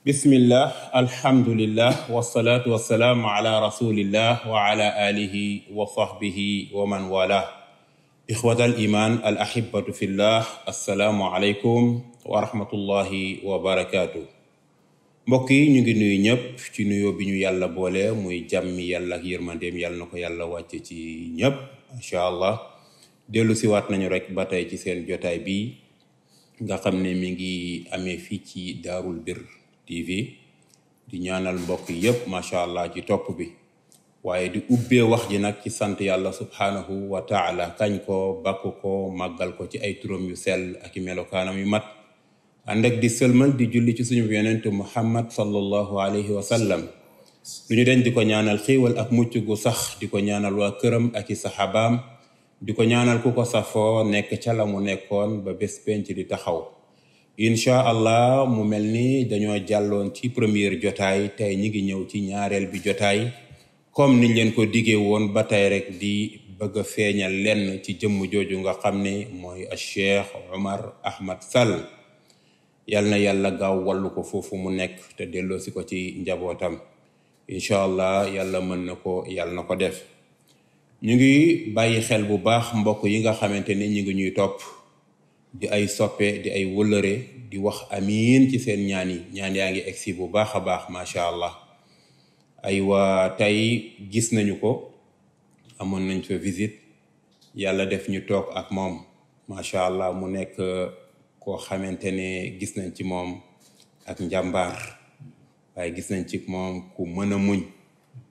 bismillah alhamdulillah wasalaatu wasalaamu ala rasulillah wa ala wa sahbihi wa man wala ixwata al iman al ahibatu fillah assalaamu wa rahmatullahi wa barakaatu mbokk yi ñu ngi nuyu ñëpp ci nuyoo bi ñu yàlla boole muy jàmmi yàlla ak yërmandeem yàlla na ko yàlla wàcce ci ñëpp incha allah dellu siwaat nañu rek ba tey ci seen jotaay bi nga xam ne mi ngi amee fii ci daarul bir TV di ñaanal mbokk yépp macha allah ci topp bi waaye di ubbee wax ji nag ci sant yàlla subhaanahu wa taala kañ ko bakk ko màggal ko ci ay turam yu sel ak i melokaanam yu mat ànd ak di sëlmal di julli ci suñu yonent muhammad sallallahu alayhi wa sallam lu ñu den di ko ñaanal xiiwal ak mucc sax di ko ñaanal waa këram ak i saxaabaam di ko ñaanal ku ko safoo nekk ca la mu nekkoon ba bés penc di taxaw incha allah mu mel ni dañoo jàlloon ci première jotaay tey ñi ngi ñëw ci ñaareel bi jotaay comme niñ leen ko diggee woon ba tey rek di bëgg a feeñal lenn ci jëmm jooju nga xam ne mooy Cheikh Omar Ahmad Sall yal na yàlla gaaw wallu ko foofu mu nekk te delloosi ko ci njabootam incha allah yàlla mën na ko yàlla na ko def ñu ngi bàyyi xel bu baax mbokk yi nga xamante ni ñu ngi ñuy topp di ay soppe di ay wëllëre di wax amiin ci seen ñaan yi ñaan yaa ngi egsi bu baax a baax macha allah ay waa tey gis nañu ko amoon nañ fa visite yàlla def ñu toog ak moom macha allah mu nekk uh, koo xamante ne gis nañ ci moom ak njàmbaar waaye gis nañ ci moom ku mën a muñ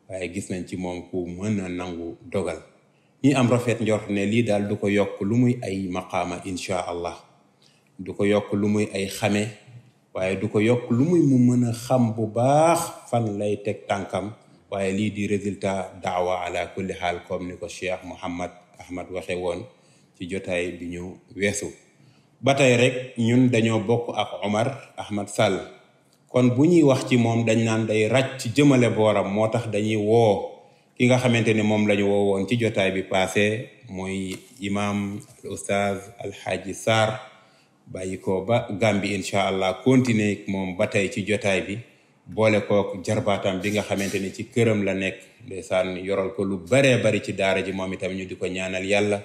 waaye gis nañ ci moom ku mën a nangu dogal ñi am rafet njort ne lii daal du ko yokk lu muy ay maqaama incha allah du ko yokk lu muy ay xame waaye du ko yokk lu muy mu mën a xam bu baax fan lay teg tànkam waaye lii di résultat daawa ala kulli xaal comme ni ko cheikh Mouhamad Ahmad waxe woon ci jotaay bi ñu weesu ba tey rek ñun dañoo bokk ak Omar Ahmad Sall kon bu ñuy wax ci moom dañ naan day ci jëmale booram moo tax dañuy woo ki nga xamante ne moom lañu ñu woowoon ci jotaay bi passé mooy imam al oustaz alxaaji Sarr bàyyi ko ba Gàmbi incha allah continuer moom ba tey ci jotaay bi boole kook jarbaatam bi nga xamante ni ci këram la nekk ndeysaan yoral ko lu baree bari ci daara ji moom itam ñu di ko ñaanal yàlla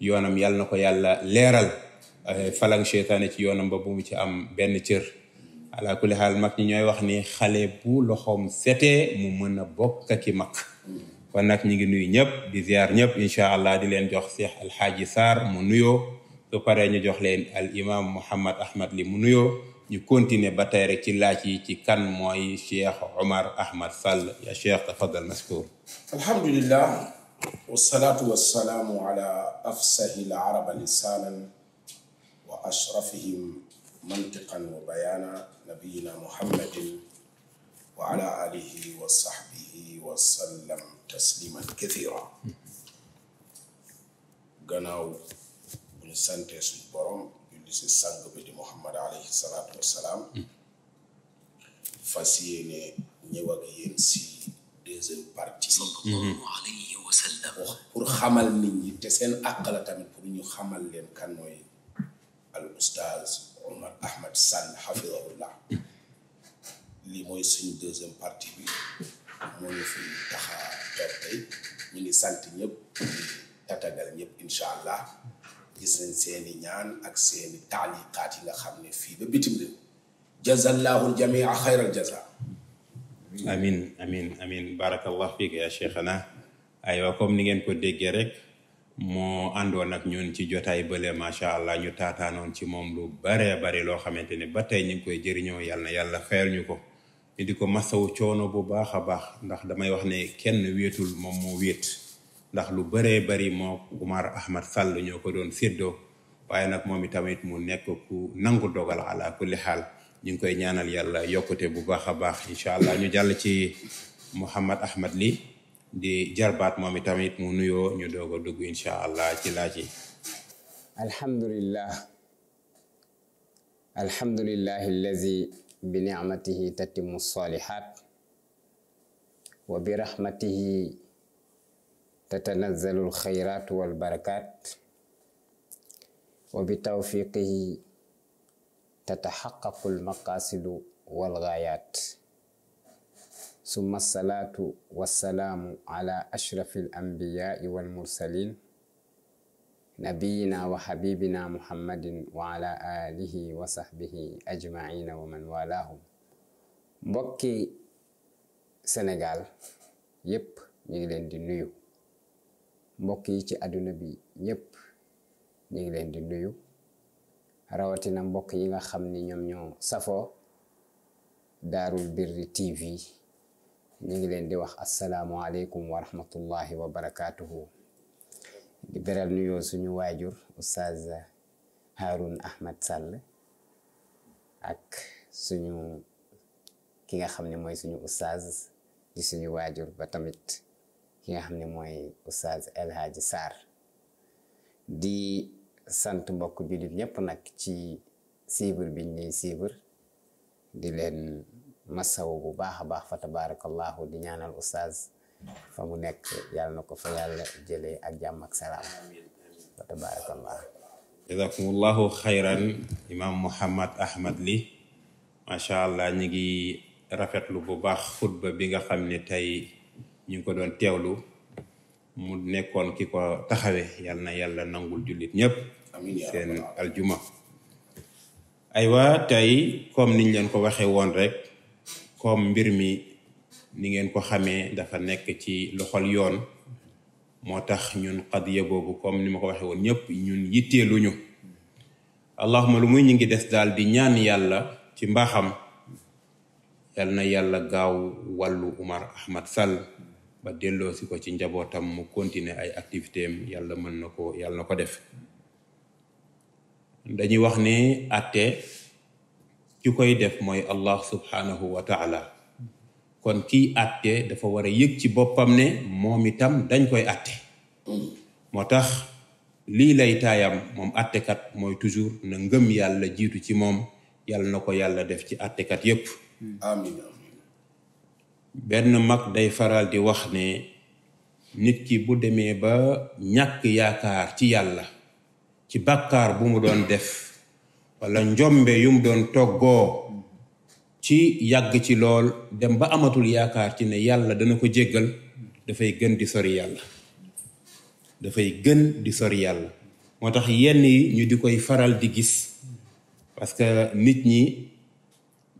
yoonam yàlla na ko yàlla leeral eh, falang seytaane ci yoonam ba bu ci am benn cër ala kulli xaal mag ñi ñooy wax ni xale bu loxoom setee mu mën a bokk ki mag kon nag ñi ngi nuy ñëpp di ziar ñëpp incha allah di leen jox Cheikh Alxaaji saar mu nuyoo su paree ñu jox leen al imam Mouhammad Ahmad li mu nuyoo ñu continuer ba tey ci laaj yi ci kan mooy Cheikh Omar Ahmad Sall ya Cheikh tafadal maskur alhamdulillah wasalaatu wasalaamu ala afsahi al araba alihi wa sallam tasliman kathira gannaaw bu ñu santee suñu borom julli si sang bi di muhammad alayhi salaatu wassalaam fas yéene ñëw ak yéen si deuxième partie alayhi wa sallam pour xamal nit ñi te seen àq la tamit pour ñu xamal leen kan mooy al oustaz Omar Ahmed Sall hafidahullah lii mooy suñ deuxième parti bi moo ñu fi tax a toog tey ñu ngi sant ñëpp tatagal ñëpp incha allah gis nañ seeni ñaan ak seeni taaliqaat nga xam ne fii ba bitim réew jazallahu ljamia xayral jaza amin amin amin barakallah fiik ya cheikhana aywa comme ni ngeen ko déggee rek moo àndoon ak ñun ci jotaay bële macha allah ñu taataanoon ci moom lu baree bari loo xamante ne ba tey ñu ngi koy jëriñoo yàlla na yàlla xeer ñu ko te di ko masaw coono bu baax a baax ndax damay wax ne kenn wéetul moom moo wéet ndax lu bëree bari moo Oumar Ahmad Sall ñoo ko doon séddoo waaye nag moom itamit mu nekk ku nangu dogal ala kulli xaal ñu ngi koy ñaanal yàlla yokkute bu baax a baax incha allah ñu jàll ci Mouhamad Ahmad li di jarbaat moom itamit mu nuyoo ñu doog a dugg incha allah ci laaj yi alhamdulillah alhamdulillah bi nicmatihi tatimu salihat wa bi rahmatihi tatanazalu alxayrat walbarakat wa bi tawfiqihi tataxaqaqu almaqasidu walgaayat summa alsalaatu wassalaamu ala ashrafi alambiyai walmursalin nabiyina wa xabibina muhammadin wa ala alihi wa sahbihi ajmaina wa man walahum mbokki Sénégal yépp ñu ngi leen di nuyu mbokk yi ci àdduna bi ñépp ñu ngi leen di nuyu rawatina mbokk yi nga xam ni ñoom ñoo safoo daarul birri tv ñu ngi leen di wax asalaamualeykum wa rahmatullahi wa barakatuhu di beral nuyoo suñu waajur oustaz Haroun Ahmad Sall ak suñu ki nga xam ni mooy suñu oustaz di suñu waajur ba tamit ki nga xam ni mooy oustaz El Hadji Sarr di sant mbokk jullit ñëpp nag ci siibur bi ñuy siibur di leen masawu bu baax a baax fa tabarakallahu di ñaanal oustaz fa mu nekk yàlla na ko fa yàlla jëlee ak jàmm ak salaam wa tabaarakallah jazakumullahu xayran imaam Ahmad li macha allah ñu ngi rafetlu bu baax xutba bi nga xam ne tey ñu ngi ko doon teewlu mu nekkoon ki ko taxawe yàlla na yàlla nangul jullit ñépp seen aljuma aywa tey comme niñ leen ko waxee woon rek comme mbir mi ni ngeen ko xamee dafa nekk ci loxol yoon moo tax ñun qadiya boobu comme ni ma ko waxee woon ñëpp ñun yitteeluñu allahuma lu muy ñu ngi des daal di ñaan yàlla ci mbaaxam yal na yàlla gaaw wàllu Umar Ahmad sàll ba delloo si ko ci njabootam mu continuer ay activité yàlla mën na ko yàlla na ko def dañuy wax ne atte ki koy def mooy allah subhanahu wa taala kon kiy àtte dafa war a yëg ci boppam ne moom itam dañ koy àtte moo tax lii lay taayam moom àttekat mooy toujours na ngëm yàlla jiitu ci moom yàlla na ko yàlla def ci àttekat yépp benn mag day faral di wax ne nit ki bu demee ba ñàkk yaakaar ci yàlla ci bàkkaar bu mu doon def walla njombe yum doon toggoo ci yàgg ci lool dem ba amatul yaakaar ci ne yàlla dana ko jéggal dafay gën di sori yàlla dafay gën di sori moo tax yenn yi ñu di koy faral di gis parce que nit ñi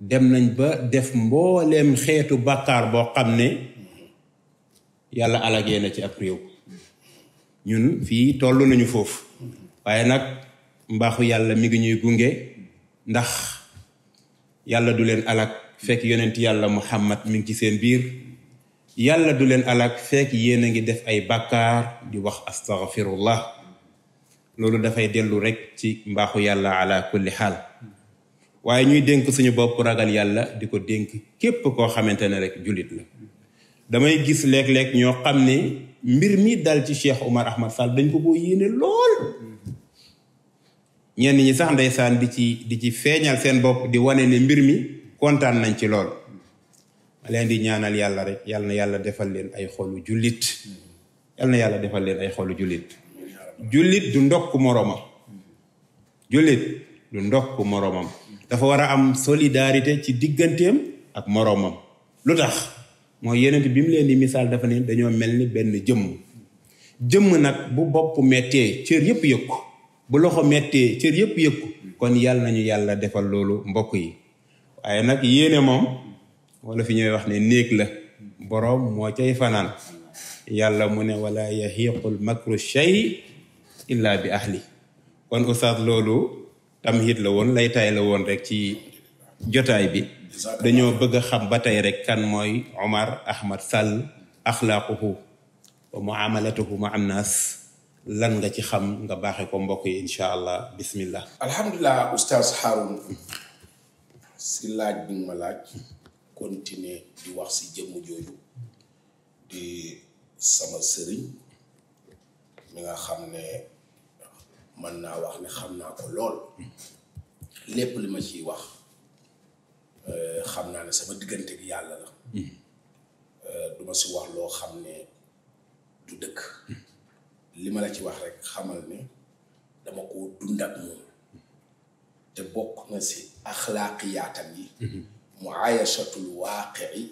dem nañ ba def mboolem xeetu bàkkaar boo xam ne yàlla alagee na ci ab réew ñun fii toll nañu foofu waaye nag mbaaxu yàlla mi ngi ñuy gunge ndax yàlla du leen alak fekk yonent yàlla muhammad mi ngi ci seen biir yàlla du leen alak fekk yéen a ngi def ay bàkkaar di wax astaghfirullah loolu dafay dellu rekk ci mbaaxu yàlla ala kulli xaal waaye ñuy dénk suñu bopp ragal yàlla di ko dénk képp koo xamante ne rek jullit la damay gis léeg-léeg ñoo xam ne mbir mi dal ci Cheikh Oumar Ahmad Sall dañ ko koo yéene lool ñenn ñi sax ndeysaan bi ci di ci feeñal seen bopp di wane ne mbir mi kontaan nañ ci lool leen di ñaanal yàlla rek yàlla na yàlla defal leen ay xolu jullit yàlla na yàlla defal leen ay xolu jullit jullit du ndokk moroomam jullit du ndokk moroomam dafa war a am solidarité ci digganteem ak moroomam lu tax mooy yenent bi mu leen di misaal dafa ne dañoo mel ni benn jëmm jëmm nag bu bopp mettee cër yëpp yëg bu loxo mettee cër yëpp yëg kon yàlla nañu yàlla defal loolu mbokk yi waaye nag yéene moom wala fi ñooy wax ne néeg la boroom moo cay fanaan yàlla mu ne wala yahiqul makru shay illa bi ahli kon oustaz loolu tamhid la woon lay tay la woon rek ci jotaay bi dañoo bëgg a xam ba tey rek kan mooy Omar Ahmad Sall axlaaquhu wa muamalatuhu ma am naas lan nga ci xam nga baaxee ko mbokk yi incha allah bismillah alhamdulilah oustaz Haroun si laaj bi ma laaj continuer di wax si jëmm jooju di sama sëriñ mi nga xam ne man naa wax ne xam naa ko lool lépp li ma ciy wax euh, xam naa ne sama diggante bi yàlla la hmm. euh, duma si wax loo xam ne du dëkk li ma la ci wax rek xamal ni dama ko dund ak moom te bokk na si axlaaqiyaatam yi muayashatul waaqii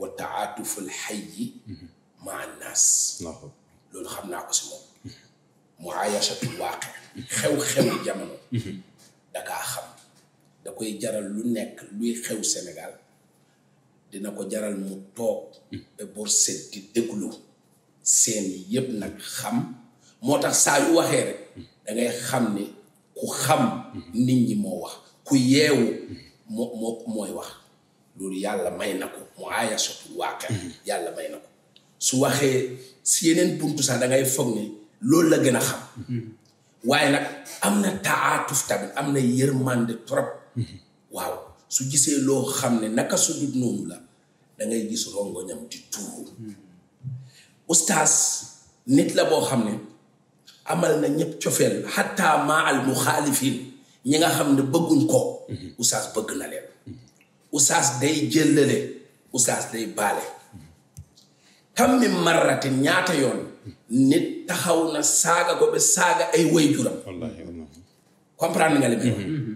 wa taatuful xayyi loolu xam naa ko si moom muayashatul waaqi xew-xew jamono dakaa xam da koy jaral lu nekk luy xew Sénégal dina ko jaral mu toog ba bor set di seen yépp nag xam moo tax saa yu waxee rek da xam ni ku xam nit ñi moo wax ku yeewu moo moo mooy wax loolu yàlla may na ko mu aaya sotul waaqe yàlla may na ko su waxee si yeneen buntu sax da foog ni loolu la gën a xam waaye nag am na taatuf tamit am na yërmande trop waaw su gisee loo xam ne naka su dut noonu la dangay ngay gis rongoñam di tuuru ustaas nit la boo xam ne amal na ñëpp cofeel xataa maa al muxaalifin ñi nga xam ne bëgguñ ko mhm. ustaas bëgg na leen ustaas day jëllale ustaas day baale kam mi marrate ñaata yoon nit taxaw na saaga ko ba saaga ay waajuram comprendre nga li may mhm.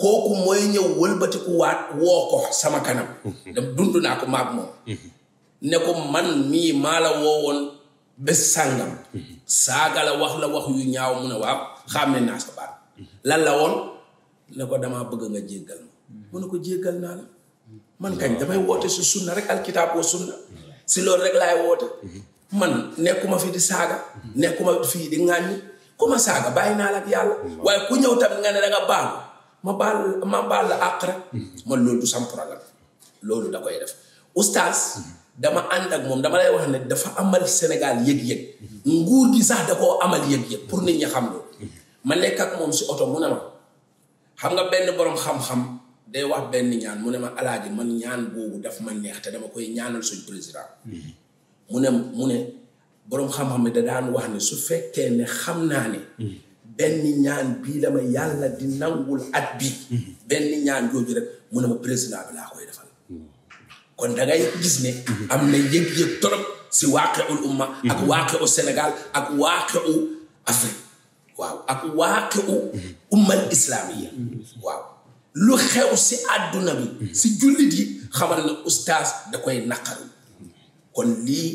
kooku mooy ñëw wëlbatiku waat woo ko sama kanam mhm. dund naa ko maag moom ne ko man nii maa la woowoon bés sàngam saaga la wax la wax yu ñaaw mu ne waaw xàmme naa sa baat lan la woon ne ko damaa bëgg nga jéggal ma mu ne ko jéggal naa la man kañ damay woote su sunna rek alkitaab wa sunna si loolu rek laay woote man nekkuma fi di saaga nekkuma fii di ŋàññi ku ma saaga bàyyi naa la ak yàlla waaye ku ñëw tamit nga ne da nga ma baal ma baal la àq rek man loolu du sam problème loolu da koy def oustaz dama ànd ak moom dama lay wax ne dafa amal Sénégal yëg-yëg nguur gi sax da koo amal yëg-yëg pour nit ñi xam loolu ma nekk ak moom si oto mu ne ma xam nga benn borom xam-xam day wax benn mu ne ma alaaji man ñaan boobu ma neex dama koy ñaanal suñ président mu ne mu ne boroom xam-xam da daan wax ne su fekkee ne xam naa ne benn ñaan bii la ma yàlla di nangul at bi benn ñaan jooju rek mu ne ma président bi koy kon da gis ne. am na yëg-yëg torop si waaqe ul ak mhm. waaqe u Sénégal ak waaqe u waaw ak waaqe u ummal mhm. waaw lu xew si àdduna bi. Mhm. si jullit yi xamal na ustaas da koy naqaru. kon lii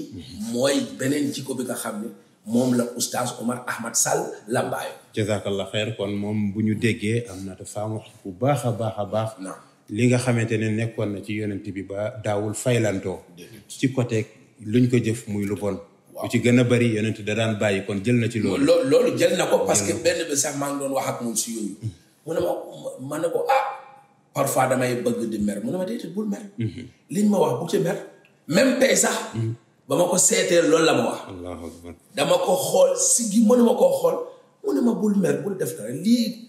mooy beneen jikko bi nga xam ne moom la ustaas Omar Ahmad Sall lambaayo. jazakallah xeer kon moom bu ñu déggee am na te faamu bu baax a baax a baax. li nga xamante ne nekkoon na ci yonent bi ba daawul faylantoo ci côté luñ ko jëf muy lu bon bu ci gën a bari yonent da daan bàyyi kon jël na ci loolu loolu jël na ko parce que benn bi maa ngi doon wax ak moom si yooyu mm-hmm. mu ma ne ko ah parfois damay bëgg di mer mu ne ma déedéet bul mer mm-hmm. liñ ma wax bu ci mer même tey sax mm-hmm. ba ma ko seetee loolu la ma wax dama ko xool si gi mu ne ma koo xool mu bul mer bul def dara lii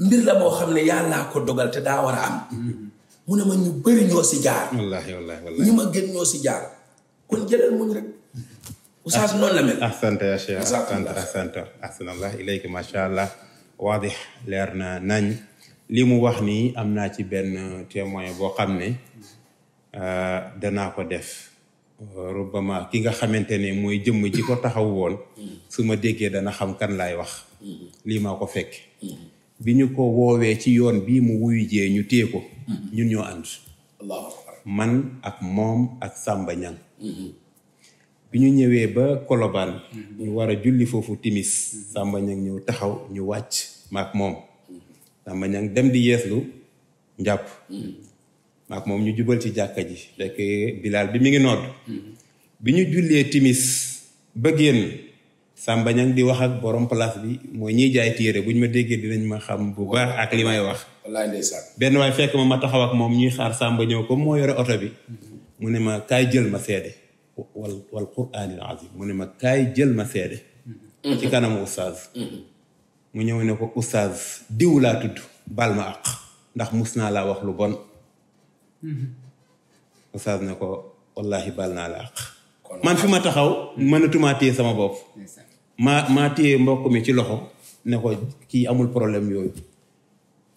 mbir la moo xam ne yàllaa ko dogal te daa war a am mu ne ma ñu bëri ñoo si jaar wallaahi wallaahi wallaahi ñi ma gën ñoo si jaar kon jëlal muñ rek oustaz ah, noonu la mel ahsanta ya cheikh ahsanta ahsanta ahsanallah ilayka macha allah waadix leer na nañ li mu wax nii am naa ci benn témoin boo xam ne euh, danaa ko def rubama ki nga xamante ne mooy jëmm ji ko taxaw woon su ma déggee dana xam kan laay wax mm-hmm. lii maa ko fekk mm-hmm. bi ñu ko woowee ci yoon bii mu wuyu ñu téye ko mm-hmm. ñun ñoo ànd man ak moom ak Samba Niang mm-hmm. bi ñu ñëwee ba Colobane mm-hmm. ñu war a julli foofu timis Samba Niang ñëw taxaw ñu wàcc maak moom Samba Niang dem di yeeslu njàpp maak moom ñu jubal ci jàkka ji fekk Bilal bi mi ngi nodd bi ñu jullee timis ba génn Samba Niang di wax ak borom place bi mooy ñiy jaay téere bu ñu ma déggee dinañ ma xam bu baax ak li may wax. wallaay benn waay fekk ma ma taxaw ak moom ñuy xaar Samba ñëw ko moo yore oto bi. mu ne ma kaay jël ma seede. wal wal quraanil mu ne ma kaay jël ma seede. ci kanamu oustaz. mu ñëw ne ko oustaz diw laa tudd bal ma àq ndax mus naa laa wax lu bon. oustaz ne ko wallahi bal naa la àq. man fi ma taxaw mënatumaa téye sama bopp. maa maa téye mbokk mi ci loxo ne ko kii amul problème yooyu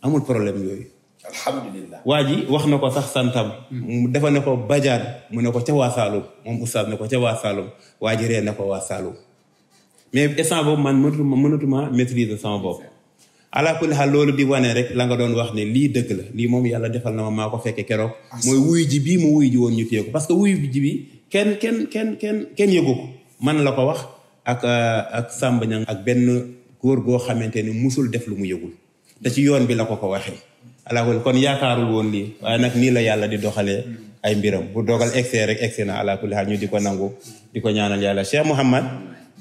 amul problème yooyu. alhamdulilah waa ji wax na ko sax santam. mu defal ne ko bajaan mu ne ko ca waa Saloum moom oustaz ne ko ca waa Saloum waa ree ne ko waa Saloum mais instant boobu man mënatuma mënatuma maîtriser sama bopp. ala kulli xaal loolu di wane rek la nga doon wax ne lii dëgg la lii moom yàlla defal na ma maa ko fekkee keroog. Ah, mooy wuy ji bii mu wuy ji woon ñu téye ko parce que wuyu ji bi kenn kenn kenn kenn kenn yëgu ko la ko wax. ak euh, ak Samba ak benn góor goo xamante ni musul def lu mu yëgul te ci yoon bi la ko ko waxee alaakul kon yaakaarul woon lii waaye nag nii la yàlla di doxalee ay mbiram bu dogal egsee rek egsi na alaakul ñu di ko nangu di ko ñaanal yàlla Cheikh Mouhamad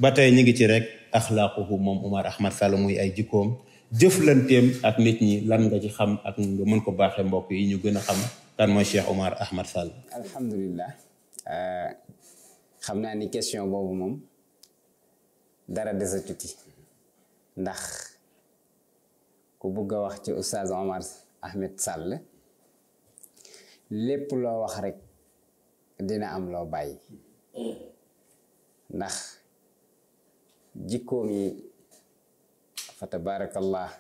ba tey ñu ngi ci rek axlaaquhu moom Oumar Ahmad muy ay jikkoom jëflanteem ak nit ñi lan nga ci xam ak nga mën ko baaxee mbokk yi ñu gën a xam kan mooy Cheikh Oumar Ahmad Sall. alhamdulilah euh, xam naa ni question boobu moom. dara desatu ci ndax ku bugg a wax ci oustaz Omar Ahmed Sall lépp loo wax rek dina am loo bàyyi ndax jikkoom yi fa tabaarakallah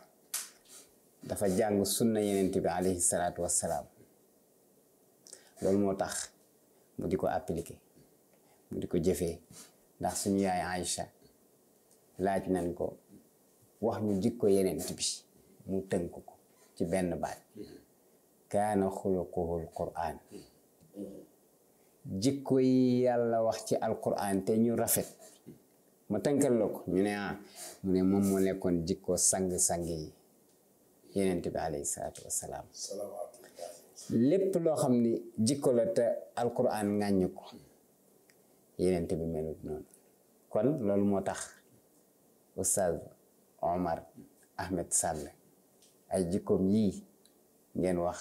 dafa jàng sunna yenent bi alayhi salaatu wassalaam loolu moo tax mu di ko appliqué mu di ko jëfee ndax suñu yaay Aïcha laaj nañ ko wax ñu jikko yenent bi mu tënk ko ci benn baat kaana xuluquhul quraan jikko yi yàlla wax ci alquraan te ñu rafet ma tënkal la ko ñu ne ah mu ne moom moo nekkoon jikko sang-sang yi yenent bi alayhi salaatu wassalaam lépp loo xam ni jikko la te alquraan ŋàññ ko yenent bi melut noonu kon loolu moo tax Oustaz Omar Ahmed Sall ay jikkoom yii ngeen wax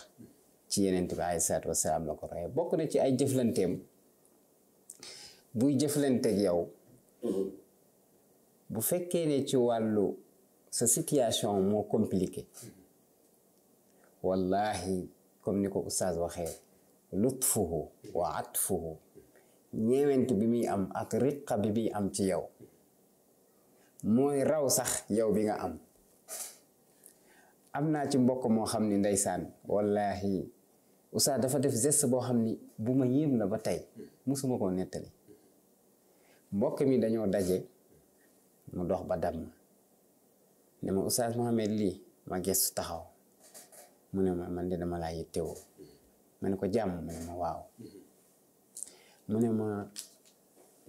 ci yeneen bi alayhi salaatu wasalaam la ko royee bokk na ci ay jëflanteem buy jëflanteeg yow bu fekkee ne ci wàllu sa situation moo compliqué wallahi comme ni ko Oustaz waxee lutfuhu wa atfuhu ñeewent bi muy am ak riqa bi muy am ci yow mooy raw sax yow bi nga am am naa ci mbokk moo xam ni ndeysaan wallahi Oustaz dafa def gest boo xam ni bu ma yéem la ba tey musuma koo nettali mbokk mi dañoo daje mu dox ba dab ma ne ma Oustaz Mohamed lii ma gëstu taxaw mu ne ma man de dama laa yittewoo ma ko jàmm mu ne ma waaw mu ne ma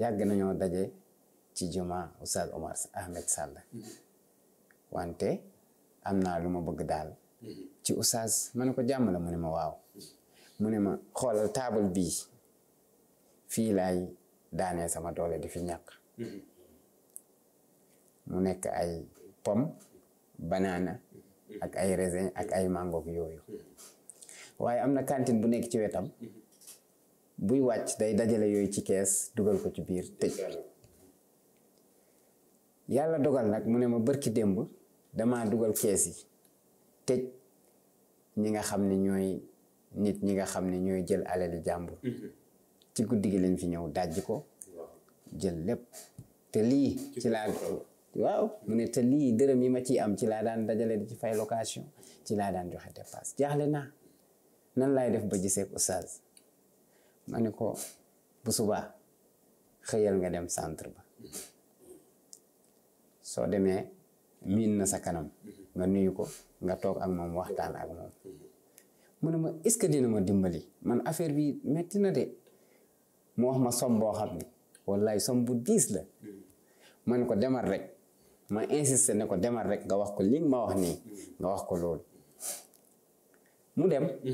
yàgg nañoo daje ci jumaa Oustaz Oumar Ahmed Sall wante am naa lu ma bëgg daal ci Oustaz ma ne ko jàmm la mu ma waaw mu ne ma xoolal taabal bii fii laay sama doole di fi ñàkk mu nekk ay pom banaana ak ay raisin ak ay mangoog yooyu waaye am na cantine bu nekk ci wetam buy wàcc day dajale yooyu ci kees dugal ko ci biir tëj yàlla dogal nag mu ne ma bërki démb damaa dugal kees yi tëj ñi nga xam ne ñooy nit ñi nga xam ne ñooy jël alali jàmbur mhm. ci guddi gi lañ fi ñëw dajj ko jël lépp te lii ci laa waaw mu ne te lii dërëm yi ma ciy am ci laa daan dajale di ci fay location ci laa daan joxe dépasse jaaxle naa nan laay def ba gisee oustaz ma ni ko bu subaa xëyal nga dem centre ba mhm. soo demee miin na sa kanam nga nuyu ko nga toog ak moom waxtaan ak moom mu ne ma est-ce que dina ma dimbali man affaire bii metti na de mu wax ma som boo xam ne wallaay som bu diis la man ko demar rek ma insisté ne ko demar rek nga wax ko li ma wax nii nga wax ko loolu mu dem bi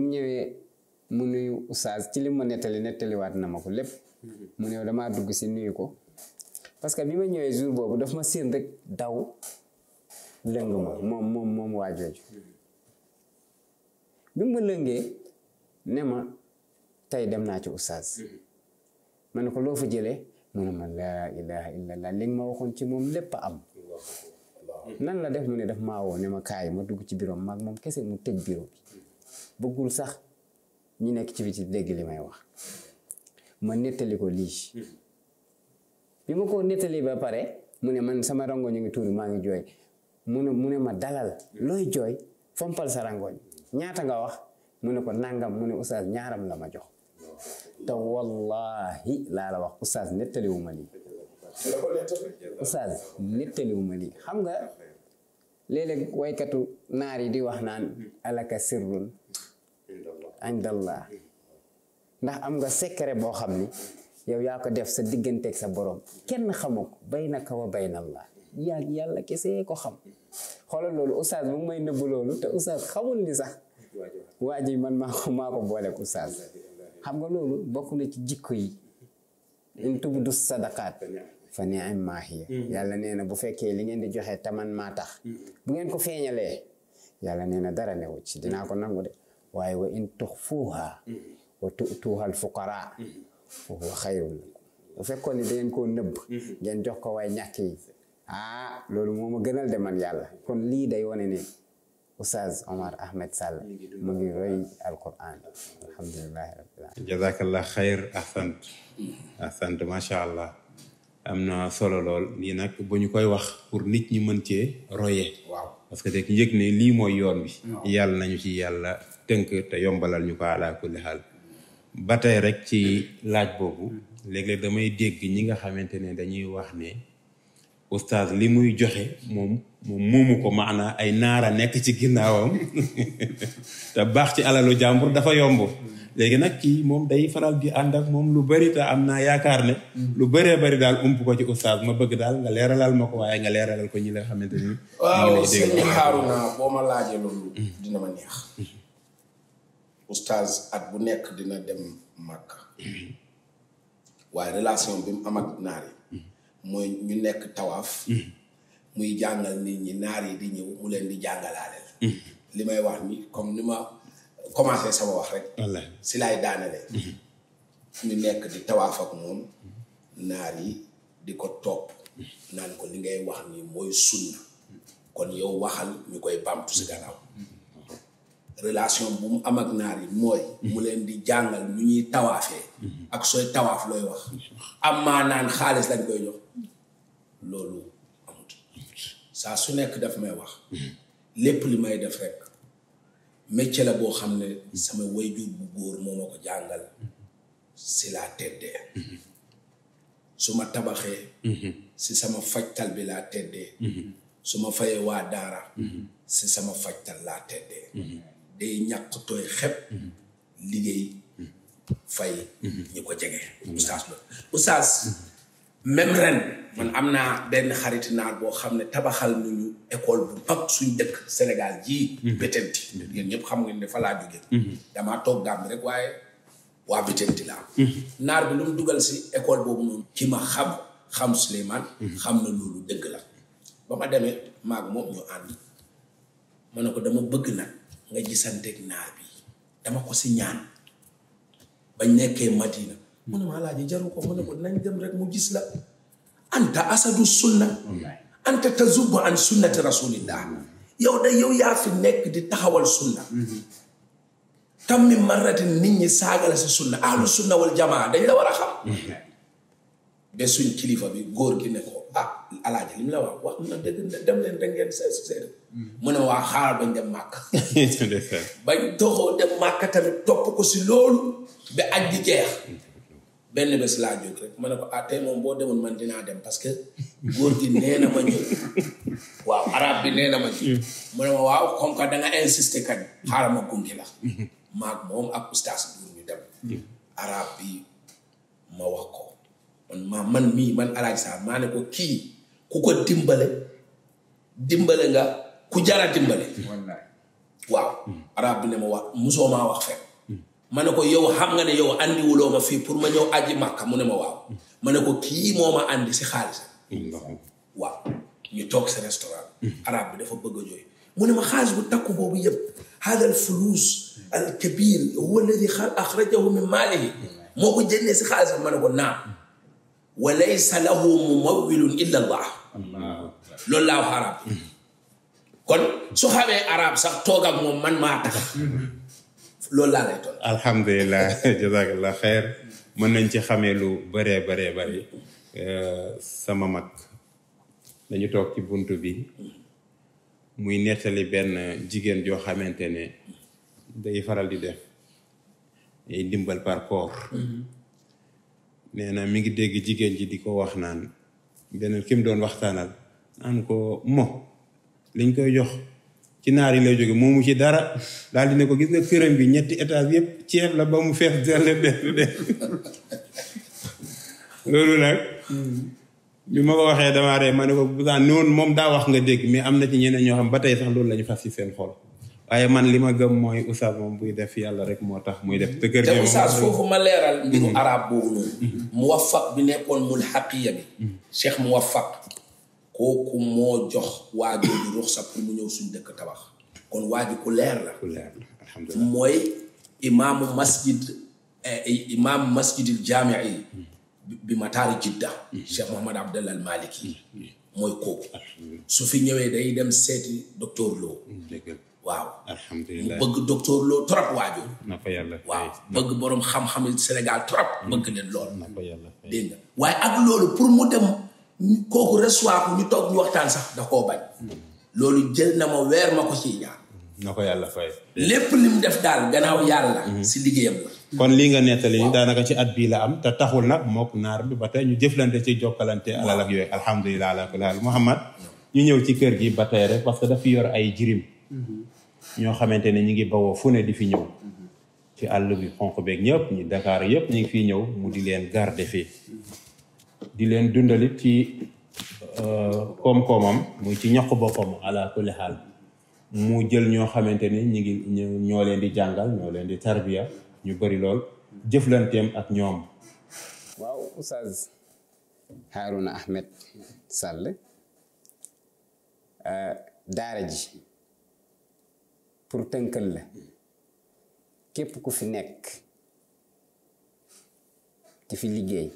mu ñëwee mu nuyu oustaz ci li ma nettali nettaliwaat na ma ko lépp mu ne damaa dugg si nuyu ko parce que bi ma ñëwee jour boobu daf ma séen rek daw lëng ma moom moom moom waa jooju bi ma lëngee ne ma tey dem naa ci oustaz ma ne ko loo fu jëlee mu ne ma laa ilaha illallah li nga ma waxoon ci moom lépp a am nan la def mu ne daf maa woo ne ma kaay ma dugg ci bureau mag moom kese mu tëj bureau bi bëggul sax ñu nekk ci biti dégg li may wax ma nettali lii bi ma ko nettali ba pare mu ne man sama rango ñu ngi tuur maa ngi jooy mu ne mu ma dalal looy jooy fompal sa rangoñ ñaata nga wax mu ne ko nangam mu ne oustaz ñaaram la ma jox te wallahi laa la wax oustaz nettaliwu ma lii oustaz nettaliwu ma xam nga léeg-léeg waykatu naar yi di wax naan alaka sirrun indallah ndax am nga secret boo xam ni yow yaa ko def sa digganteeg sa borom kenn xamu ko baynaka wa baynallah yaa yàlla kese ko xam xoolal loolu oustaz mu ngi may nëbbu loolu te oustaz xamul ni sax waa ji man maa ko maa ko booleeg xam nga loolu bokk na ci jikko yi in tubdu sadaqaat fa ni'ma hiya yàlla nee na bu fekkee li ngeen di joxe taman maa tax bu ngeen ko feeñalee yàlla nee na dara newu ci dinaa ko nangu de waaye wa in tuxfuuha wa tu'tuuha al wa xayrul bu fekkoon ni dangeen koo nëbb ngeen jox ko waay ñàkk ah loolu moo ma gënal de man yàlla kon lii day wane ne Oustaz Omar Ahmed Sall mu ngi roy alquran alhamdulilahi rabbil alamin jazakallah xayr ahsant ahsant macha allah am na solo lool lii nag bu ñu koy wax pour nit ñi mën cee roye waaw parce que te yëg ne lii mooy yoon bi yàlla nañu ci yàlla tënk te yombalal ñu ko ala xaal ba tey rek ci laaj boobu léeg damay dégg ñi nga xamante ne dañuy wax ne oustaz li muy joxe moom moom moomu ko maanaa ay naara nekk ci ginnaawam te baax ci alalu jàmbur dafa yomb léegi nag kii moom day faral di ànd ak moom lu bari te am naa yaakaar ne lu baree bari daal ump ko ci oustaz ma bëgg daal nga leeralal ma ko waaye nga leeralal ko ñi la xamante ni waaw sëñ Harouna boo ma laajee loolu dina ma neex oustaz at bu nekk dina dem Màkka waaye relation bi mu am naar yi mooy ñu nekk tawaaf muy jàngal nit ñi naar yi di ñëw mu leen di jàngalaaleel li may wax ni comme ni ma commencé sama wax rek si laay daanale ñu nekk di tawaaf moom naar yi di ko topp naan ko li ngay wax ni mooy sunna kon yow waxal ñu koy bamtu si gannaaw relation bu mu am ak naar yi mooy. mu leen di jàngal nu ñuy tawaafee. ak sooy tawaaf looy wax. am maa naan xaalis lañ koy jox loolu saa su nekk daf may wax. lépp li may def rek métier la boo xam ne sama wayjur bu góor moo ma jàngal si laa teddee su ma tabaxee si sama fajtal bi laa teddee su ma fayee waa daara si sama fajtal laa teddee day ñàkk tooy xep liggéey fay ñi ko jege oustaz loolu oustaz même ren man am naa benn xarit naar boo xam ne tabaxal nañu école bu mag suñ dëkk Sénégal jii mhm. Bettenty yéen ñëpp xam ngeen ne falaa laa jóge mhm. damaa toog Gàmbi rek waaye waa Bettenty laa mhm. naar bi lu mu dugal si école boobu noonu ki ma xam xam Souleymane xam na loolu dëkk la ba ma demee maag moom ñu ànd ma ne ko dama bëgg nag nga gisanteeg naar bi dama ko si ñaan bañ nekkee Madina mu ne maa laaj jaru ko mu ne ko nañ dem rek mu gis la anta asadu sunna anta tazubu an sunnati rasulillah yow day yow yaa nekk di taxawal sunna kam mm-hmm. mi maratin nit ñi saagala si sunna ahlu sunna wal jamaa dañ la war a xam mm-hmm. ba suñ kilifa bi góor gi ne ah alaaji li mu la wax wax na dëgg dem rek ngeen seet waa xaaral bañ dem màkk bañ toxoo dem màkk tamit topp ko si loolu ba aj di jeex benn bés laa jóg rek ma ne ko ah moom boo demoon man dinaa dem parce que góor gi nee na ma ñëw waaw arab bi nee na ma ñëw mu ne ma waaw comme que da nga kañ xaaral ma gungi la maag moom ak ustaas buur ñu dem arab bi ma wax ko kon ma man mii man Alaaji Sarr maa ne ko kii ku ko dimbale dimbale nga ku jara dimbale waaw arab bi ne ma wax musoo maa wax fekk ma ne ko yow xam nga ne yow andiwuloo ma fii pour ma ñëw aji màkka mu ne ma waaw ma ko kii moo ma andi si xaalis waaw ñu toog sa restaurant arab bi dafa bëgg jooy mu ne ma xaalis bu takku boobu yëpp hada al fulus al kabir huwa alladi min maalihi moo ko jëndee si xaalis ma ne ko naam wa laysa lahu mumawwilun illa allah loolu laaw arab kon su xamee arab sax toog moom man maa tax loolu laa lay toll alhamdulilah jazakallah xeer mën nañ ci xamee lu bëree bare bëri eh, sama mag dañu toog ci bunt bi muy nettali benn jigéen joo xamante ne day faral di def ay ndimbal par corps mm-hmm. nee na mi ngi dégg jigéen ji di ko wax naan beneen ki mu doon waxtaanal naan ko mo liñ koy jox ci naar yi lay jóge moomu ci dara daal di ne ko gis nga këram bi ñetti étage yëpp ceeb la ba mu fees dell dell dell loolu nag bi ma ko waxee damaa ree ma ne ko bu noonu moom daa wax nga dégg mais am na ci ñeneen ñoo xam ba tey sax loolu la ñu fas ci seen xol waaye man li ma gëm mooy Oustaz moom buy def yàlla rek moo tax muy def. te kër gi foofu ma leeral. Mm-hmm. mbiru arab boobu noonu. Mm-hmm. muwaffaq bi nekkoon mul xaqiya bi. Mm-hmm. cheikh muwaffaq kooku jox waa jooju mu ñëw suñ dëkk tabax. kon waa ku leer la. ku leer la alhamdulilah mooy imaamu masjid eh, bi mataari jidda. cheikh Mouhamad Abdallah al Maliki. mooy kooku. su fi ñëwee day dem seeti docteur waaw alhamdulilah bëgg docteur loo trop waajur na ko yàlla waaw bëgg borom xam-xam Sénégal trop mm. bëgg leen lool na ko yàlla dégg waaye ak loolu pour mu dem kooku recevoir ñu toog waxtaan sax da mm. jël na ma weer ma ko yàlla fay. lépp li mu def daal gannaaw yàlla. Mm-hmm. si liggéeyam la. kon lii nga nettali daanaka ci at bii la am te taxul nag mook naar bi ba tey ñu jëflante ci jokkalante alal ak yooyu alhamdulilah ala kulli haal Mouhamad ñu ñëw ci kër gi ba tey rek parce que dafa yor ay jirim mm-hmm. ñoo xamante ne ñu ngi bawoo fu ne di fi ñëw ci àll bi xonq beeg ñëpp ñu Dakar yëpp ñu ngi fiy ñëw mu di leen garde fii di leen dundalit ci euh, koom-koomam muy ci ñoq boppam ala kulli xaal mu jël ñoo xamante ni ñu ngi ñoo leen di jàngal ñoo leen di tarbiya ñu bari lool jëflanteem ak ñoom waaw oustaz Harouna Ahmed Sall euh, daara ji pour tënkal la képp ku fi nekk di fi liggéey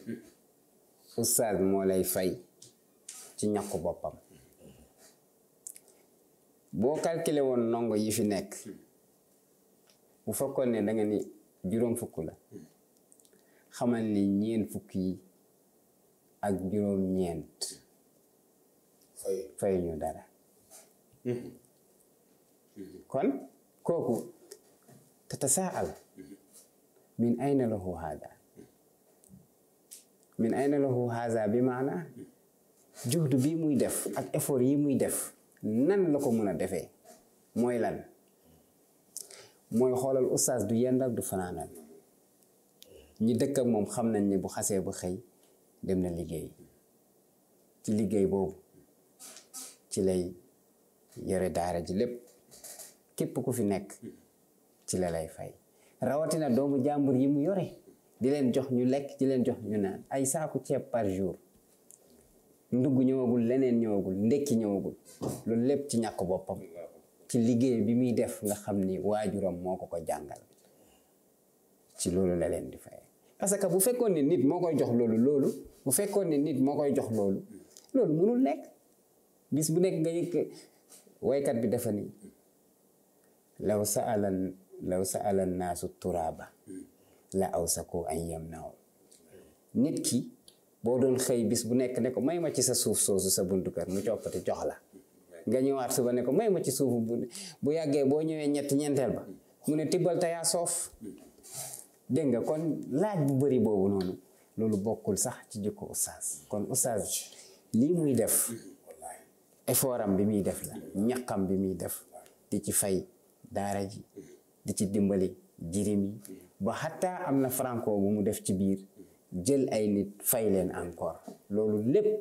oustaz moo lay fay ci ñàkku boppam boo calculé woon ndongo yi fi nekk bu fekkoon ne da ni juróom fukk la xamal ni ñeen fukk yi ak juróom ñeent fay ñu dara mm-hmm. kon kooku tatasaal min ayna lahu haada min ayna lahu haada bi maana juhdu bii muy def ak effort yi muy def nan la ko mën a defee mooy lan mooy xoolal ustaas du yend ak du fanaanal ñi dëkk moom xam nañ ni bu xasee ba xëy dem na liggéey ci liggéey boobu ci lay yore daara ji lépp képp ku fi nekk ci la lay fay rawatina doomu jàmbur yi mu yore di leen jox ñu lekk di leen jox ñu naan ay saaku ceeb par jour ndugg ñëwagul leneen ñëwagul ndekki ñëwagul loolu lépp ci ñàkk boppam ci liggéey bi muy def nga xam ni waajuram moo ko ko jàngal ci loolu la leen di fay parce que bu fekkoon ne nit moo koy jox loolu loolu bu fekkoon ne nit moo koy jox loolu loolu mënul nekk bis bu nekk nga yëg waykat bi dafa ni law sa'ala law sa'ala naasu turaaba la aw sa ko awsakoo an yamnaw nit ki boo doon xëy bis bu nekk ne ko may ma ci sa suuf soosu sa buntu kër mu coppati jox la nga ñëwaat suba ne ko may ma ci suufu bu yàggee boo ñëwee ñetti ñeenteel ba mu ne tibbal te yaa soof dégg nga kon laaj bu bari boobu noonu loolu bokkul sax ci jikko oustaz kon oustaz lii muy def effort bi muy def la ñaqam bi muy def di ci fay daara ji di ci dimbali jirim yi ba xataa am na franco bu mu def ci biir jël ay nit fay leen encore loolu lépp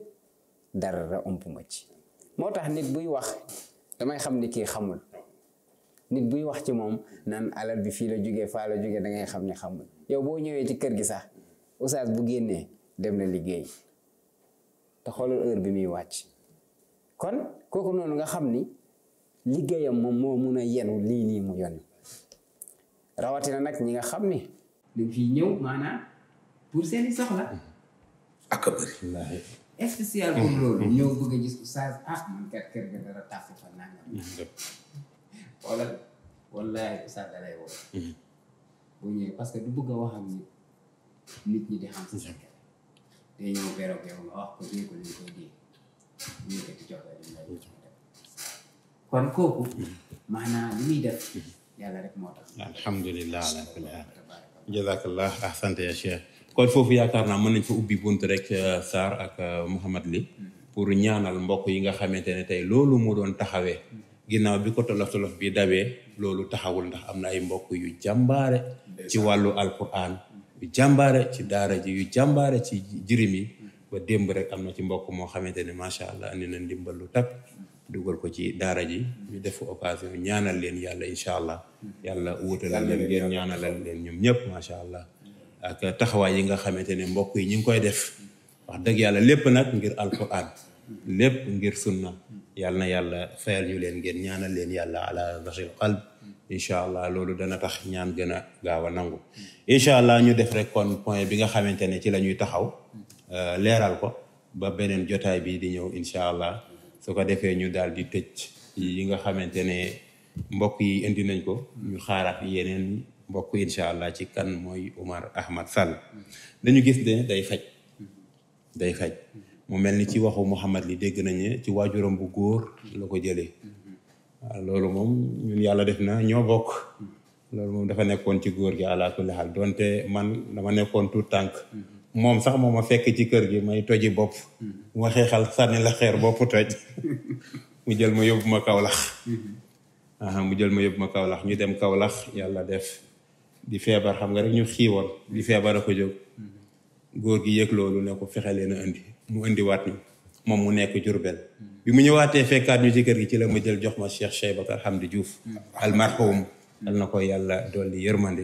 dara ump ma ci moo tax nit buy wax damay xam ni kii xamul nit buy wax ci moom naan alal bi fii la jógee faa la jógee dangay xam ni xamul yow boo ñëwee ci kër gi sax oustaz bu génnee dem na liggéey te xoolal heure bi muy wàcc kon kooku noonu nga xam ni liggéeyam moom moo mun a yenu lii nii mu yónni rawatina nag ñi nga xam ni. dañ fiy ñëw maanaam pour seeni soxla. ak a bëri. spécial pour loolu. ñëw bëgg a gis oustaz ah man kat kër ga dara tàff fa nangam. wala wallaahi oustaz da lay woo. Mm-hmm. bu ñëwee parce que du bëgg a waxam ni nit ñi di xam si sa kër. Mm-hmm. day ñëw beroog yow nga wax ko dégg ko li ñu koy dégg ñu yëkkati jox la kon kooku maanaam li muy def alhamdulilah ala kulli haal jazakallah ahsante ya cheikh kon foofu yaakaar naa mën nañ fa ubbi bunt rek euh, saar ak euh, Mouhamad li pour ñaanal mbokk yi nga xamante ne tey loolu mu doon taxawee ginnaaw bi ko tolof tolof bi dawee loolu taxawul ndax am na ay mbokk yu jàmbaare ci wàllu alquran yu jàmbaare ci daara ji yu jàmbaare ci jirim yi ba démb rek am na ci mbokk moo xamante ne macha allah andi na lu tap dugal ko ci daara ji ñu def occasion ñaanal leen yàlla incha allah yàlla wuutalal leen ngeen ñaanalal leen ñoom ñëpp macha allah ak taxawaay yi nga xamante ne mbokk yi ñu ngi koy def wax dëgg yàlla lépp nag ngir alquran lépp ngir sunna yàlla na yàlla fayal ñu leen ngeen ñaanal leen yàlla ala dachil qalb incha allah loolu dana tax ñaan gën a gaaw a nangu incha allah ñu def rek kon point bi nga xamante ne ci la ñuy taxaw euh, leeral ko ba beneen jotaay bi di ñëw incha allah su ko defee ñu daal di tëj yi nga xamante ne mbokk yi indi nañ ko ñu xaaraat yeneen mbokk incha allah ci kan mooy Oumar Ahmad Sall dañu gis ne day xaj day xaj mu mel ni ci waxu Mouhamad li dégg nañ ci waajuram bu góor la ko jëlee loolu moom ñun yàlla def na ñoo bokk loolu moom dafa nekkoon ci góor gi àla kulli donte man dama nekkoon tout tànk moom sax moom ma fekk ci kër gi may toji bopp mm-hmm. ma xeexal sànni la xeer bopp toj mu jël ma yóbbu ma Kaolack mm-hmm. aha mu jël ma yóbbu ma kaw lax ñu dem kaw lax yàlla def di feebar xam nga rek ñu xiiwoon di mm-hmm. feebar a ko jóg góor gi yëg loolu ne ko fexe leen a indi mu indiwaat ñu moom mu nekk Jurbel bi mu ñëwaatee fekkaat ñu ci kër gi ci la ma jël jox ma Cheikh Cheikh Bakar Hamdi Diouf almarhum dal na ko yàlla dolli yërmande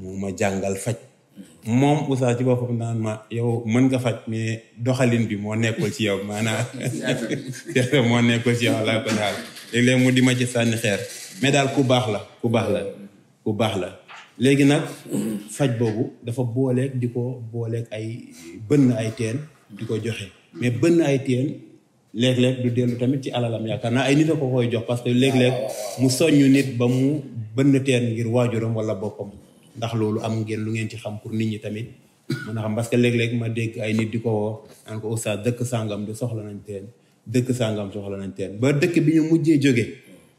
mu ma jàngal faj moom Oussa ci boppam naan ma yow mën nga faj mais doxalin bi moo nekkul ci yow maanaam te moo nekkul ci yow laa ko daal mu di ma ci sànni xeer mais baax la ku baax la ku baax la léegi nag faj boobu dafa booleek di ko booleeg ay bënn ay teen di ko joxe mais bënn ay teen léeg-léeg du dellu tamit ci alalam yaakaar naa ay nit a ko koy jox parce que léeg-léeg mu soññu nit ba mu bënn teen ngir waajuram walla boppam ndax loolu am ngeen lu ngeen ci xam pour nit ñi tamit mën a xam parce que léeg-léeg ma dégg ay nit di ko woo naan dëkk sàngam di soxla nañ teen dëkk sàngam soxla nañ teen ba dëkk bi ñu mujjee jóge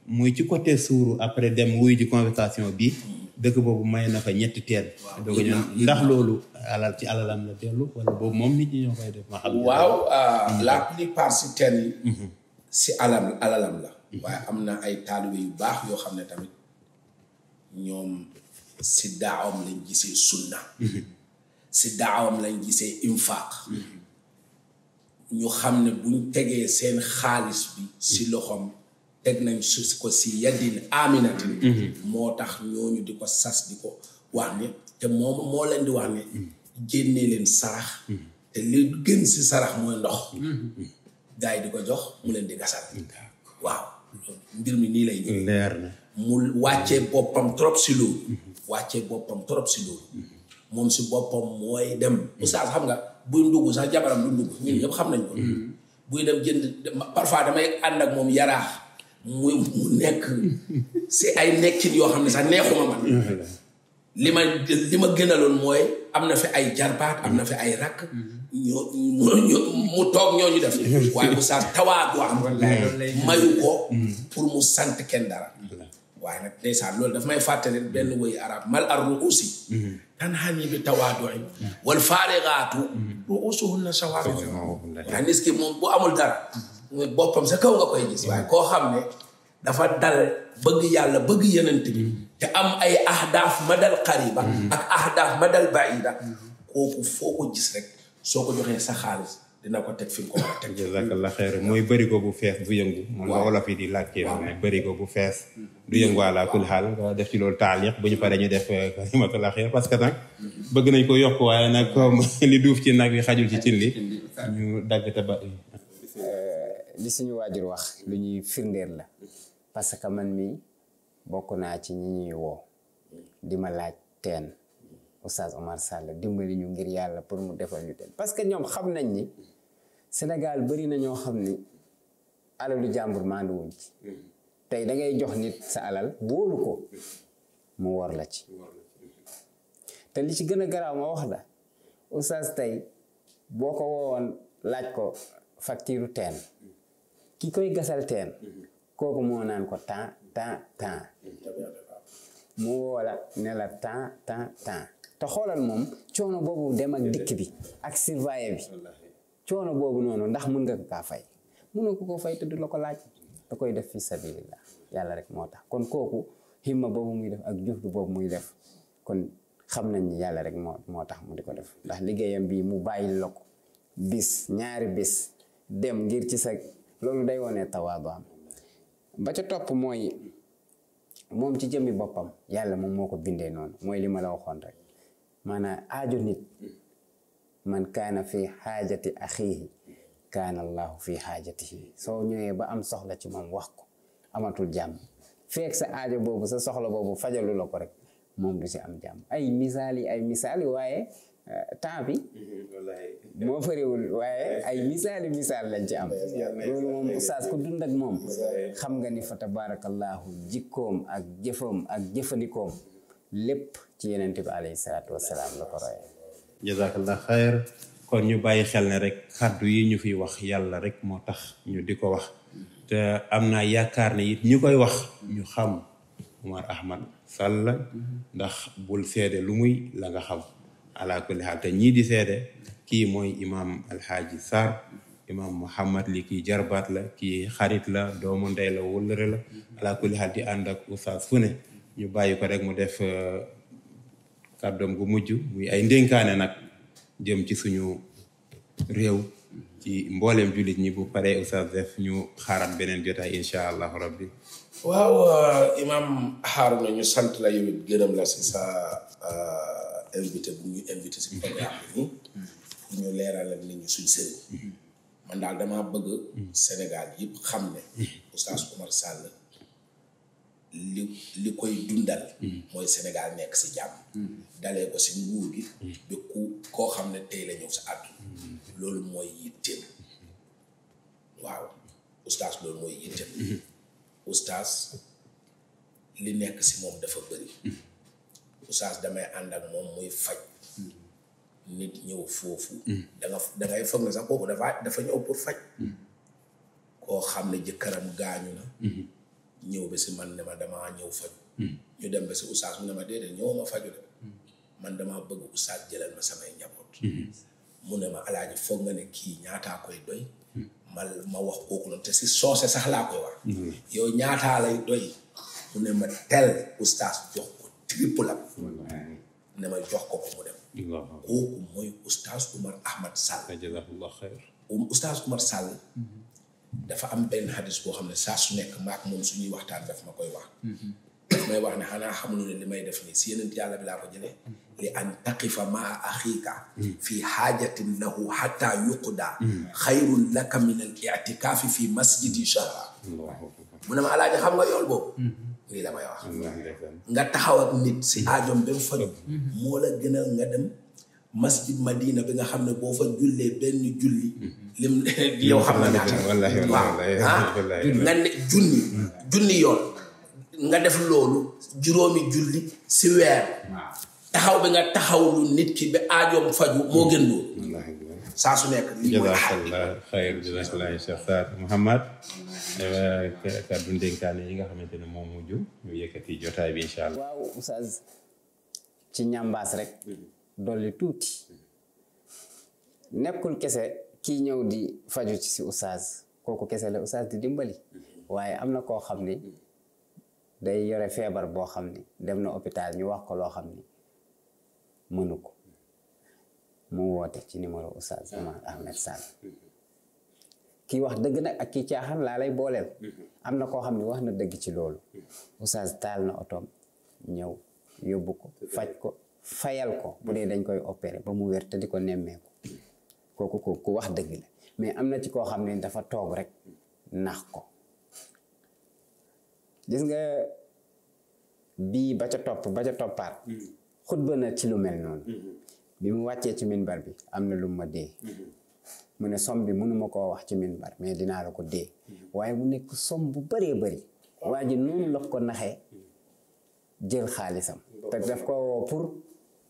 muy ci côté suuru après dem wuy di convocation bi dëkk boobu may na fa ñetti teen ndax loolu alal ci alalam la dellu wala boobu moom nit ñi ñoo koy def ma xam waaw ah, mm-hmm. la plupart si si alal alalam mm-hmm. am na ay taalibe yu baax yoo xam ne tamit si daawam lañ gisee sunna mhm. si daawam lañ gisee infaaq mhm. ñu xam ne buñ tegee seen xaalis bi si mhm. loxoom teg nañ su ko si yaddin aminatin moo tax ñooñu di ko sas di ko wax ne te moom moo leen di wax ne génnee leen sarax te li gën si sarax mooy ndox gars yi di ko jox mu leen di gasal waaw mbir mi nii lay leer na mu wàccee boppam trop si loolu wàccee boppam trop si loolu mhm. moom si boppam mooy dem mhm. oustaz xam nga buy ndugg sax jabaram du ndugg ñun mhm. ñëpp xam nañ ko buy dem jënd parfois damay ànd ak moom yaraax mu mu nekk si ay nekkin yoo xam ne sax neexuma man li ma li ma gënaloon mooy am na fi ay jarbaat am na fi ay rakk mu toog ñoo ñu def waaye oustaz tawaadu am mayu ko pour mu sant kenn dara waaye nag ndeysaan loolu dafa may fàttali benn woy arab mal ar ruusi mhm. tanhani bi tawaaduin wal faarigaatu ruusuhunna shawaariqu ndax nit ki moom bu amul dara boppam sa kaw nga koy gis mhm. waaye koo xam ne dafa dal bëgg yàlla bëgg yenent bi mhm. te am ay ahdaaf madal qariba ak ahdaaf madal baida kooku foo ko gis rek soo ko joxee sa xaalis dina ko teg fi mu ko war a teg. jazakallah xeer mooy bu fees du yëngu. moom la wolof yi di laajte. waaw mooy bërigo bu fees. Mm-hmm. du yëngu kul xaal nga def ci loolu taaliq bu ñu paree ñu def euh, kalimatul xeer parce que nag. Mm-hmm. bëgg nañ ko yokk waaye nag ko li duuf ci nag yi xajul ci cin li. ñu dagg te ba. Euh, li suñu waajur wax lu ñuy firndeel la parce que man mi bokk naa ci ñi ñuy woo di ma laaj teen oustaz Omar Sall dimbali ñu ngir yàlla pour mu defal ñu teen parce que ñoom xam nañ ni. senegal bari na ñoo xam ni alalu jàmbur maanduwuñ ci hmm. tey dangay jox nit sa alal boolu ko hmm. mu war la ci hmm. te li ci gën a garaaw ma wax la oustaz tey boo ko woowoon laaj ko facture teen ki koy gasal teen kooku moo naan ko temps temps temps mu woo la ne la temps temps temps te xoolal moom coono boobu dem ak dikk bi ak surveiller bi coono boobu noonu ndax mun nga kaa fay mënoo ko koo fay te du la ko laaj da koy def fi sabilillah yàlla rek moo tax kon kooku himma boobu muy def ak juhdu boobu muy def kon xam nañ ni yàlla rek moo moo tax mu di ko def ndax liggéeyam bii mu bàyyi la ko bis ñaari bis dem ngir ci sa loolu day wone tawaabaam ba ca topp mooy moom ci jëmmi boppam yàlla moom moo ko bindee noonu mooy li ma la waxoon rek maanaam aajo nit man kaana fi xaajati axiihi kaana allahu fi xaajatihi soo ñëwee ba am soxla ci moom wax ko amatul jàmm feek sa aajo boobu sa soxla boobu fajalu la ko rek moom du si am jàmm ay misaal yi ay misaal waaye euh, temps bi moo fariwul waaye ay misaali misaal lañ ci am loolu moom oustaz ku dund moom xam nga ni fa tabaarakallaahu jikkoom ak jëfam ak jëfandikoom lépp ci yenente bi alayhi salaatu wasalaam la ko jazakallah xayr kon ñu bàyyi xel ne rek kàddu yi ñu fi wax yàlla rek moo tax ñu di ko wax te am na yaakaar ne it ñu koy wax ñu xam Umar Ahmad Sall ndax bul sede lu muy la nga xam ala xaal te ñii di seede kii mooy imaam Alxaaji Sarr imaam Muhammad li kii jarbaat la kii xarit la doomu ndey la wëllëre la ala xaal di ànd ak oustaz fu ne ñu bàyyi ko rek mu def euh, kàddoom gu mujj muy ay ndénkaane nag jëm ci suñu réew ci mbooleem jullit ñi bu paree oustaz def ñu xaaraat beneen jotaay incha allah rabbi waaw euh, imam Harouna ñu sant la yow it gërëm la si sa euh, invité bu invité si programme bi ni ñu leeralal nit ñi suñ sëriñ mm-hmm. man daal damaa bëgg mm-hmm. Sénégal yëpp xam ne mm-hmm. oustaz li li koy dundal mm. mooy senegaal nekk si jàmm mm. dalee ko si nguur gi bi mm. ku koo xam ne tey la ñëw si àdduna loolu mooy yitteem waaw oustaz loolu mooy yitteem mm-hmm. oustaz li nekk si moom dafa bëri oustaz damay ànd ak moom muy faj nit ñëw foofu da nga da ngay foog ne sax kooku dafa dafa ñëw pour faj koo xam ne jëkkëram gaañu na mm-hmm. ñëw ba si man ne ma damaa ñëw faju hmm. ñu dem ba si oustaz mu ne ma déedéet ñëwuma faju de hmm. man damaa bëgg oustaz jëlal ma samay njaboot hmm. mu ne ma alaaji foog nga ne kii ñaataa koy doy ma ma wax kooku noonu te si soose sax laa koy wax yow ñaataa lay doy mu ne ma tel oustaz jox ko triple am ne ma jox ko ko mu dem kooku mooy oustaz Oumar Ahmad Sall jazakallah xayr um, oustaz Oumar dafa am benn xadis boo xam ne saa su nekk maak moom suñuy waxtaan daf ma koy wax. Mhm. may wax ne xanaa xamuloo ne li may def nii si yeneen yàlla bi laa ko jëlee. Mhm. li an taqifa maa axiika mhm. fi xaajatin lahu xataa yuqda xayrun laka min al itikaafi fi masjidi shahra mu ma alaaji xam nga yool boobu lii la may wax nga taxaw ak nit si aajom ba mu moo la gën a nga dem masjid madina bi nga xam ne boo fa jullee benn julli mm-hmm. lim yow xam na ñaata waaw ah nga ne junni junni yoon nga def loolu juróomi julli si weer taxaw bi nga taxawlu nit ki bi aajoom faju moo gën loolu mm-hmm. saa su nekk lii mooy jazakallah xayr jazakallah Cheikh Sarr Mouhamad kàddu ndénkaane yi nga xamante ne moo mujj ñu yëkkati jotaay bi incha allah waaw oustaz ci ñambaas rek dolli tuuti nekkul kese kii ñëw di faju ci si oustaz kooku kese la oustaz di dimbali waaye am na koo xam ni day yore feebar boo xam ni dem na hôpital ñu wax ko loo xam ni mënu ko mu woote ci numéro oustaz Oumar wax dëgg nag ak ki caaxaan laa lay booleel am na koo xam ne wax na dëgg ci loolu oustaz taal na otoom ñëw yóbbu ko faj ko fayal ko bu dee dañ koy opéré ba mu wér te di ko nemmeeku kooku ko ku wax dëgg la mais am na ci koo xam ne dafa toog rek nax ko gis nga bii ba ca topp ba ca mm-hmm. xutba na ci lu mel noonu mm-hmm. bi mu wàccee ci minbar bi am na lu ma dee mm-hmm. mu ne som bi mënuma koo wax ci minbar mais dinaa la ko dee waaye mu nekk som bu bëree bari waa ji noonu ko naxee jël xaalisam te daf ko woo pour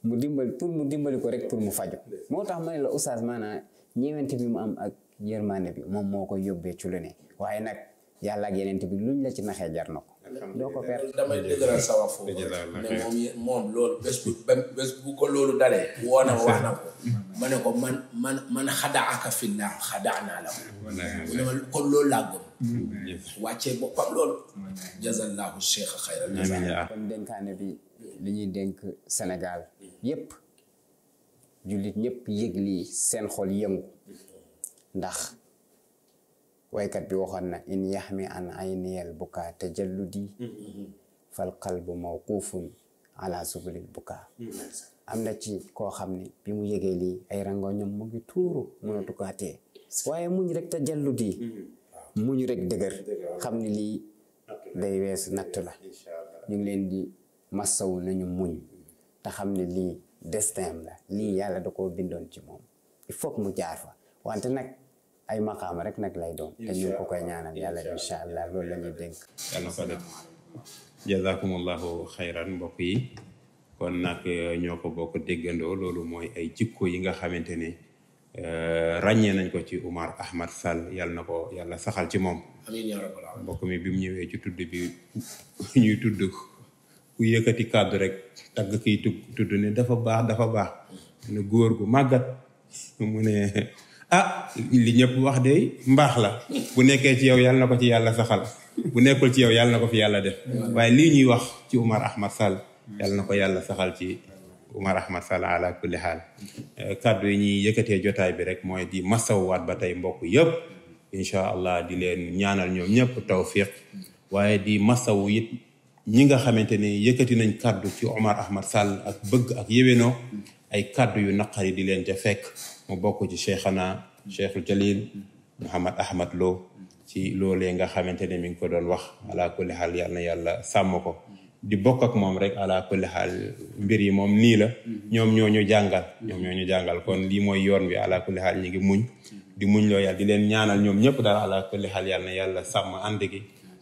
mu dimbali pour mu dimbali ko rek pour mu faju moo tax ma la la oustaz maanaam ñeewante bi mu am ak yërmande bi moom moo ko yóbbee ci lu ne waaye nag yàlla ak yeneen bi luñ la ci naxee jar na ko doo ko perte damay dëgëral sama foofu moom loolu bés bu bés bu ko loolu dalee woo na ko ma man man man xadaa aka finnaam xadaa naa la mu ne ma kon loolu laa gëm wàccee boppam loolu jazallahu cheikh xayral jazaa dénkaane bi li ñuy dénk Sénégal yépp jullit ñëpp yëg seen xol yëngu ndax waykat bi waxoon na in yaxmi an ayniyal bukaa tajalludi fal qalbu mawqufun ala subulil bukaa am na ci koo xam ne bi mu yëgee lii ay rango ñoom mu ngi tuuru mënatu kaa tee waaye muñ rek tajalludi muñ rek dëgër xam ne lii day weesu natt la ñu ngi leen di massawu nañu muñ te xam ne lii destin la lii yàlla da koo bindoon ci moom il faut mu jaar fa wante nag ay maqaama rek nag lay doon. te ñu ko koy ñaanal yàlla incha allah loolu la ñuy dénk. yàlla ko def jazakumullahu xayran mbokk yi kon nag eh, ñoo ko bokk déggandoo loolu mooy ay jikko yi nga xamante ne eh, ràññee nañ ko ci Umar Ahmad Sall yàlla na ko yàlla saxal ci moom. amiin mbokk mi bi mu ñëwee ci tudd bi ñuy tudd ku yëkkati kàddu rek tagg kiy tudd ne dafa baax dafa baax ne góor gu màggat mu ne. ah li ñëpp wax de mbaax la bu nekkee ci yow yàlla na ko ci yàlla saxal bu nekkul ci yow yàlla na ko fi yàlla de waaye lii ñuy wax ci Umar Ahmad Sall yàlla na ko yàlla saxal ci Umar Ahmad Sall ala kulli eh, kàddu yi ñuy yëkkatee jotaay bi rek mooy di masawwaat ba tey mbokk yëpp incha allah di leen ñaanal ñoom ñëpp tawfiq waaye di masawu it ñi nga xamante ne yëkkati nañ kàddu ci Umar Ahmad Sall ak bëgg ak yéwénoo ay kàddu yu naqari di leen ca fekk mu bokk ci cheikhana cheikhul jalil Mouhamad Ahmad loo ci loo nga xamante ne mi ngi ko doon wax ala kulli xaal yal na yàlla sàmm ko di bokk ak moom rek ala kulli xaal mbir yi moom nii la ñoom ñoo ñu jàngal ñoom ñoo ñu jàngal kon lii mooy yoon wi ala kulli xaal ñu ngi muñ di muñ loo yàlla di leen ñaanal ñoom ñëpp daal ala kulli xaal yal na yàlla sàmm ànd gi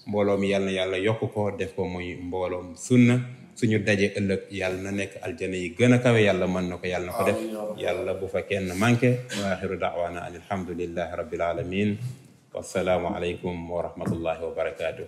mbooloo mi yal yàlla yokk ko def ko muy mbooloom sunna suñu daje ëllëg yàlla na nekk aljana yi gën a kawe yàlla mën na ko yàlla na ko def yàlla bu fa kenn manqué wa axiru daawana an alhamdulillahi rabbil alamin wassalaamu aleykum wa rahmatullahi wa barakaatu